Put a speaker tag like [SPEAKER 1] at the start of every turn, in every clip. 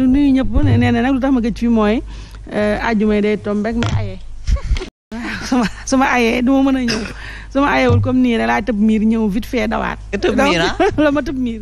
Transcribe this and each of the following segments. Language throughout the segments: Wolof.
[SPEAKER 1] du nuyu ñëpp nee na nag lu tax ma gëj fii mooy euh, àjjuma day tombe rek may aye suma suma ayee duma mën a ñëw suma ayewul comme nii rek laa tëb miir ñëw vite fait dawaat ah? la ma tëb miir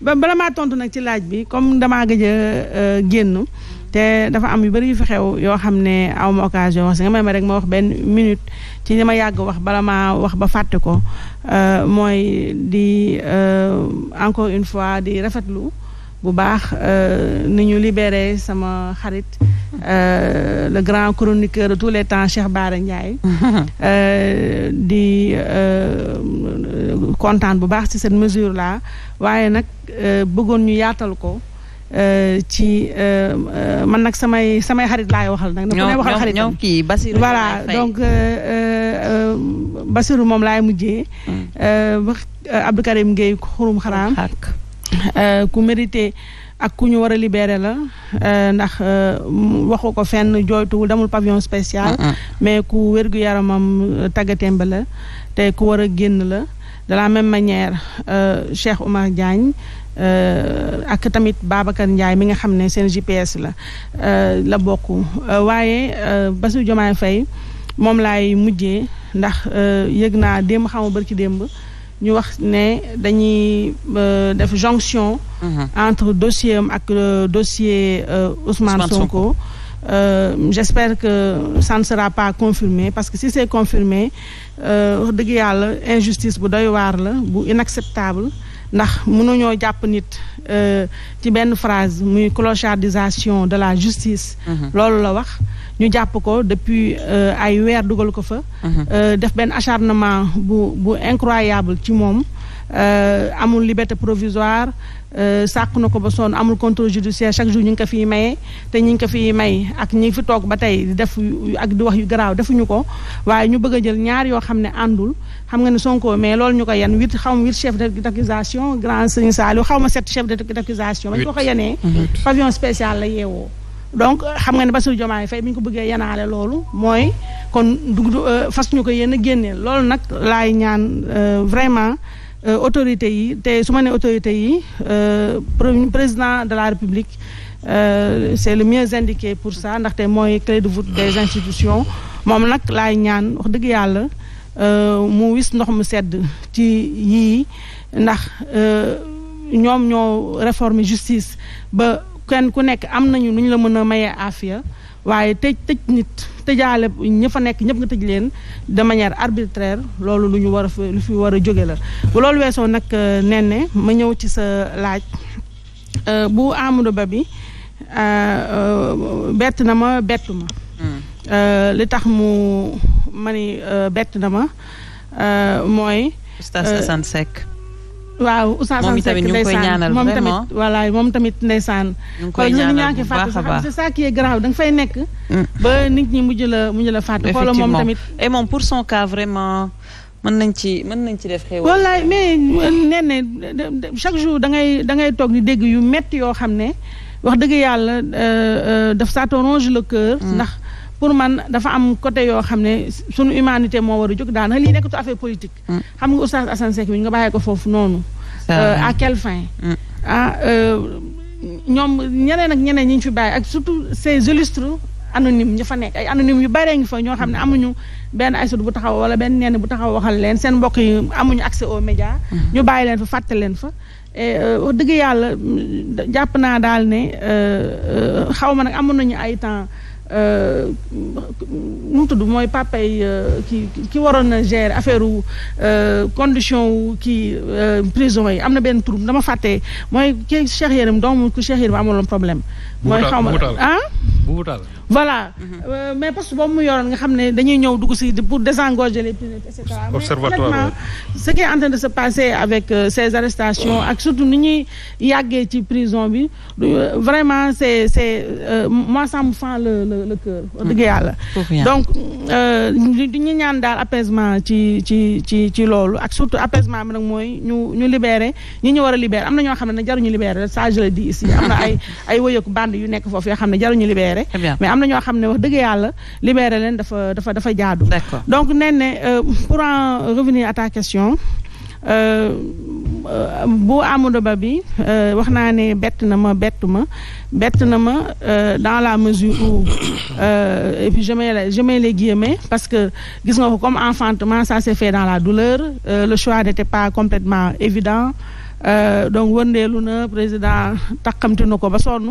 [SPEAKER 1] ba bala maa tontu nag ci laaj bi comme damaa gëj euh, génn te dafa am yu bëri yu fi xew yoo xam ne aw ma occasion wax si nga may ma rek ma wax benn minute ci li ma yàgg wax bala ma wax ba fàtte ko euh, mooy di encore une fois di rafetlu bu baax euh, ni ñu libéré sama xarit euh, le grand chroniqueur de tous les temps Cheikh baare Ndiaye euh, di kontaan bu baax ci cette mesure laa waaye nag bëggoon ñu yaatal ko ci man nag samay samay xarit laay waxal nag. ñoo ñoo ñoo kii Basiru voilà donc Basiru moom laay mujjee. Mm. Abdou Karim Gueye xurum xaraam. Euh, ku mérité ak ku ñu war a libéré la euh, ndax euh, waxu ko fenn jooytuwul damul pavillon spécial mais ku wérgu yaramam tàggatémbe la te ku war a génn la de la même manière Cheikh Oumar Diagne ak tamit Babacar Ndiaye mi nga xam ne seen GPS la la bokk waaye Bassirou Diomaye Faye moom lay mujjee ndax yëg naa démb xamu bër ci démb ñu wax ne dañuy euh, def jonction mhm. entre dossier am ak euh, dossier euh, Ousmane Sonko j'espère que ça ne sera pas confirmé parce que si c'est confirmé wax dëgg yàlla injustice bu doy waar la bu inacceptable ndax mënuñoo jàpp nit euh, ci benn phrase muy clochardisation de la justice mhm. loolu la wax ñu jàpp ko depuis euh, ay weer dugal ko fa mhm. euh, def benn acharnement bu bu incroyable ci moom Euh, amul liberté provisoire euh, sàq na ko ba sonn amul contrôle judiciaire chaque jour ñu ngi ko fi maye te ñu ngi ko fi may ak ñi fi toog ba tey di def ak di wax yu garaaw defuñu ko waaye ñu bëgg jël ñaar yoo xam ne àndul xam nga ne Sonko mais loolu ñu ko yan huit xaw ma huit chef d'accusation grand Serigne xaw ma sept chef d'accusation ba ñu ko ko yenee pavillon spécial la yeewoo donc xam nga ne Bassirou Diomaye Faye bi ñu ko bëggee yanaale loolu mooy kon dugg euh, fas ñu ko yéen a génneel loolu nag laay ñaan vraiment Euh, autorités yi te su ma nee autorités yi euh, président de la république euh, c' est le mieux indiqué pour ça ndaxte mooy clé de voûte des institutions moom nag laay ñaan wax dëgg yàlla mu wis ndox mu sedd ci yii ndax ñoom ñoo réformer justice ba kenn ku nekk am nañu lu ñu la mën a mayee aafiya waaye tëj tëj nit tëjaale ña fa nekk ñëpp nga tëj leen de manière arbitraire loolu lu ñu war a lu fi war a jóge la bu loolu weesoo nag nen euh, ne ma ñëw ci sa laaj euh, bu Amadou Ba bi euh, bett na ma bett ma hmm. li tax mu ma ni bett na ma mooy Oustaz Seck waaw Oustaz Assane Seck ndeysaan moom tamit voilà moom tamit ndeysaan xool ñu ñaa ngi fàtte sax c'est ça qui est grave da fay nekk mm. ba nit ñi mujj la mujj la fàtte xoolal moom tamit et moom pour son cas vraiment mën nañ ci mën nañ ci def xew wallaay mais nee na chaque jour da ngay da ngay toog di dégg yu metti yoo xam ne wax dëgg yàlla euh, euh, daf ça te ronge le cœur mm. ndax pour man dafa am côté yoo xam ne suñu humanité moo war a jóg daana lii nekkatu affaire politique mm. xam nga oustaz Assane Seck ñu nga bàyyee ko foofu noonu euh, à quelle fin mm. ah euh, ñoom ñeneen ak ñeneen ñi ñu fi bàyyi ak surtout ces illustres anonyme ñu fa nekk ay anonyme yu baree ngi fa ñoo xam ne amuñu benn aysut bu taxaw wala benn neen bu taxaw waxal leen seen mbokk yi amuñu accès au média mm. ñu bàyyi leen fa fàtte leen fa euh, wax dëgg yàlla jàpp naa daal ne xaw ma nag amoon nañu ay temps Euh, nu tudd mooy papay euh, ki ki waroon na ger affaire wu euh, condition wu kii prison yi am na benn tur dama fàtte mooy kii Cheikh Yérim doomu ku Cheikh Yérim amaloon problème. mooy xaw ma ah? voilà mhm. euh, mais poste boobu mu yoroon nga xam ne dañuy ñëw dugg si pour désengorger les planètes et cetera. observatoire mais ce qui est en train de euh, ak surtout ni ñuy yàggee ci prison bi euh, vraiment c' est c' est moi ça me fend le le le cœur. wax dëgg mhm. yàlla donc du ñu ñaan daal apaisement ci ci ci ci loolu ak surtout apaisement bi nag mooy ñu ñu libérer ñi ñu war a libérer am na ñoo xam ne jaruñu libérer ça sage le dis ici am na ay wëyeeku bande yu nekk foofu yoo xam ne jaruñu libérer. am xam ne wax dëgg yàlla libéré leen dafa dafa dafa jaadu. donc nee ne euh, pour en revenir à ta question. Euh, euh, bu Amadou Ba bi wax naa ne bett na ma bett ma bett na ma dans la mesure où euh, et puis parce que gis nga ko comme enfantement ça s'est fait dans la douleur le choix n'était pas complètement évident euh, donc wëndeelu na président takkamti na ko ba sonn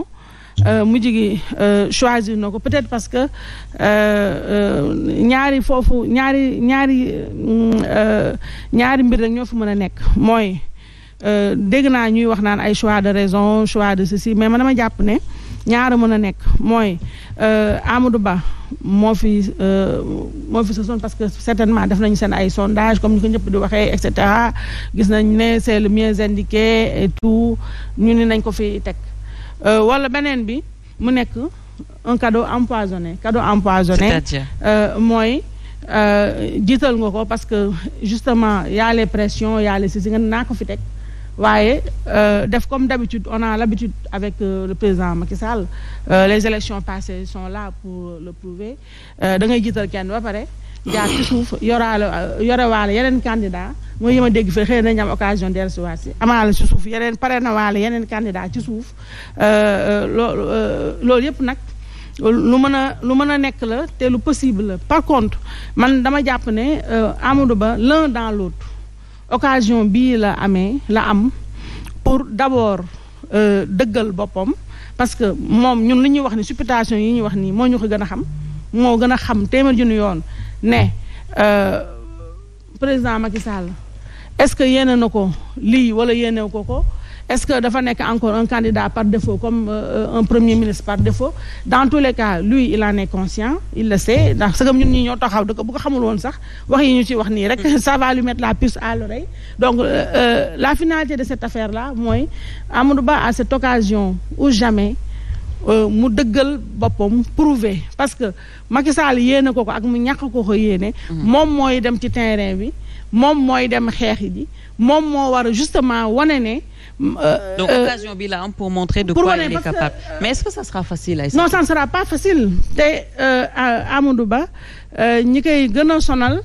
[SPEAKER 1] Euh, mujj gi euh, choisir na ko peut-être parce que euh, ñaari foofu ñaari ñaari ñaari mbir rek ñoo fi mën a nekk mooy dégg naa ñuy wax naan ay choix de raison choix de ceci mais ma dama jàpp ne ñaara mën a nekk mooy Amadou Ba moo fi moo fi sason parce que certainement def nañ seen ay sondage comme ni ko ñëpp di waxee et gis nañ ne c'est le mieux indiqué et tout ñu ni nañ ko fi teg Euh, wala beneen bi mu nekk un cadeau empoisonné cadeau empoisonné euh, mooy euh, jiital nga ko parce que justement y a les pressions y a les sisi nga naa ko fi teg waaye def comme d'habitude on a l'habitude avec le président Macky Sall les élections passées sont là pour le prouver dangay ngay jiital kenn ba pare jaar ci suuf yoraale yorewaale yeneen candidat mooy yema dégg fa xëy nañ am occasion dellu si waat si amaale si suuf yeneen pare na waale yeneen candidat ci suuf euh, euh, loolu euh, loolu yëpp nag lu mën a lu mën a nekk la te lu possible la par contre man dama jàpp ne Amadou Ba l'un dans l'autre occasion bii la amee la am pour d'abord dëggal boppam parce que moom ñun li ñuy wax ni supputation yi ñuy wax nii moo ñu ko gën a xam moo gën a xam téeméer junni yoon ne euh, président Macky Sall est-ce que yéene na ko lii wala yéene ko ko est-ce que dafa nekk encore un candidat par défaut comme euh, un premier ministre par défaut dans tous les cas lui il en est conscient il le sait ndax sagam ñun ñi ñoo taxaw da ko bu ko sax wax yi ñu ci wax nii rek ça va lui mettre la puce à l'oreille donc euh, la finalité de cette affaire la mooy Amadou Ba à cette occasion ou jamais Euh, mu dëggal boppam prouver parce que Macky Sall yéene ko ko ak mu ñàkk ko ko yéene. Mhm. moom mooy dem ci terrain bi moom mooy dem xeex ji moom moo war a justement wane ne. Euh, euh, donc occasion bi la am pour montrer de quoi il est capable mais est-ce que ça sera facile ay. non ça ne sera pas facile te Amadou Ba ñi koy gën a sonal.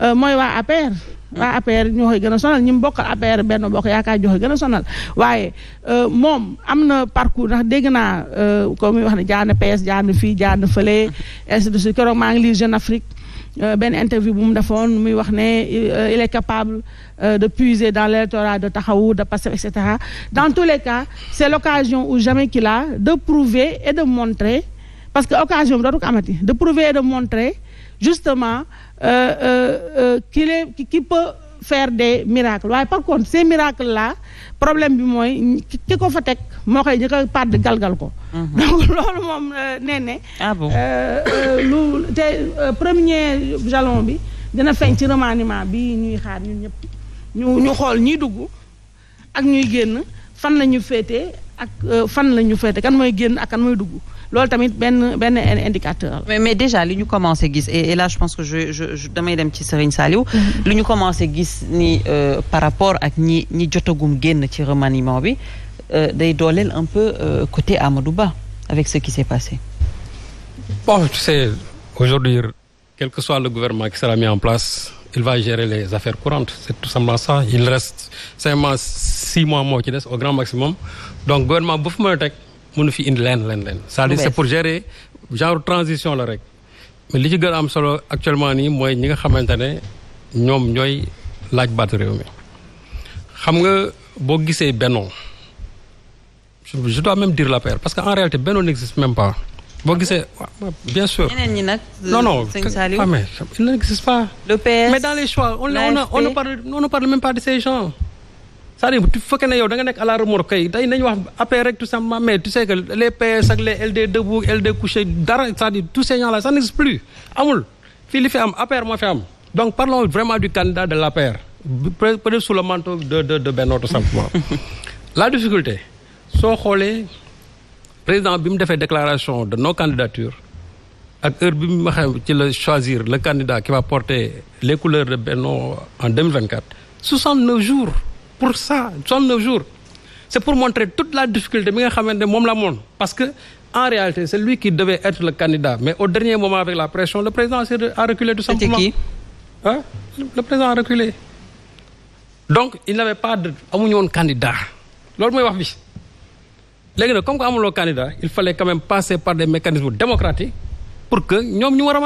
[SPEAKER 1] Euh, mooy waa APR. waa APR ñoo gën a sonal ñi mu bokk APR benn bokk yaakaar ñoo koy gën a sonal waaye euh, moom am na parcours ndax dégg naa euh, comme muy wax ne jaar na PS jaar na fii jaar na fële ainsi de suite keroog maa ngi lire Jeune Afrique benn interview bu mu defoon muy wax ne il est capable de puiser dans l'électorat de Taxawu de Pastef et cetera dans tous les cas c'est l'occasion ou jamais qu'il de prouver et de montrer parce que occasion bi dootu ko amati de qui les qui peut faire des miracles waaye par contre ces miracles là problème bi mooy ki ko fa teg moo koy ñu koy pàdd galgal ko mhm. donc loolu moom euh, nee ne ah euh, euh, lu te premier jalon bi dina feeñ ci remaniement bi ñuy xaar ñun ñëpp ñu ñu xool ñuy dugg ak ñuy génn fan la féete ak fan lañu féete kan mooy génn ak kan mooy dugg loolu tamit benn benn indicateur la. mais déjà li ñu commencé gis et là je pense que je je dem ci Serigne Saliou. Mm-hmm. lu ñu commencé gis ni euh, par rapport ak ñi ñi jotagum génn ci remaniement bi euh, day dooleel un peu euh, côté Amadou Ba avec ce qui s'est passé.
[SPEAKER 2] bon tu sais aujourd'hui quel que soit le gouvernement qui sera mis en place il va gérer les affaires courantes c'est tout simplement ça il reste cinq mois mois moo ci des au grand maximum donc gouvernement bu fu mën mënu fi indi leen leen leen cest pour gérer genre transition la rek mais li ci gën am solo actuellement ni mooy ñi nga xamante ne ñoom ñooy laaj baatu réew mi xam nga boo gisee bennoo je dois même dire l'APR parce que en réalité bennoo n'existe même pas boo gisee bien sûr ñeneen non non ah, il n'existe pas ne parle on ne parle pas de ces gens c'est-à-dire bu fekkee ne yow da nga nekk à la nañu wax APR rek tout simplement mais tu sais que les PS ak les LD debout LD couché dara c'est-à-dire tous ces gens là amul fii li fi am APR moo fi am donc parlons vraiment du candidat de l'APR peut-être sous le manteau de de de Benno tout simplement la difficulté soo xoolee président bi mu defee déclaration de no candidature ak heure bi mu waxee ci la choisir le candidat qui va porter les couleurs de Benno en 2024 69 pour ça 69 jours c'est pour montrer toute la difficulté bi nga xamante ne moom la moon parce que en réalité c'est lui qui devait être le candidat mais au dernier moment avec la pression le président a reculé donc il n'avait pas de amuñu woon candidat loolu mooy wax bi léegi nag comme que amuloo candidat il fallait quand même passer par des mécanismes démocratiques pour que ñoom ñu war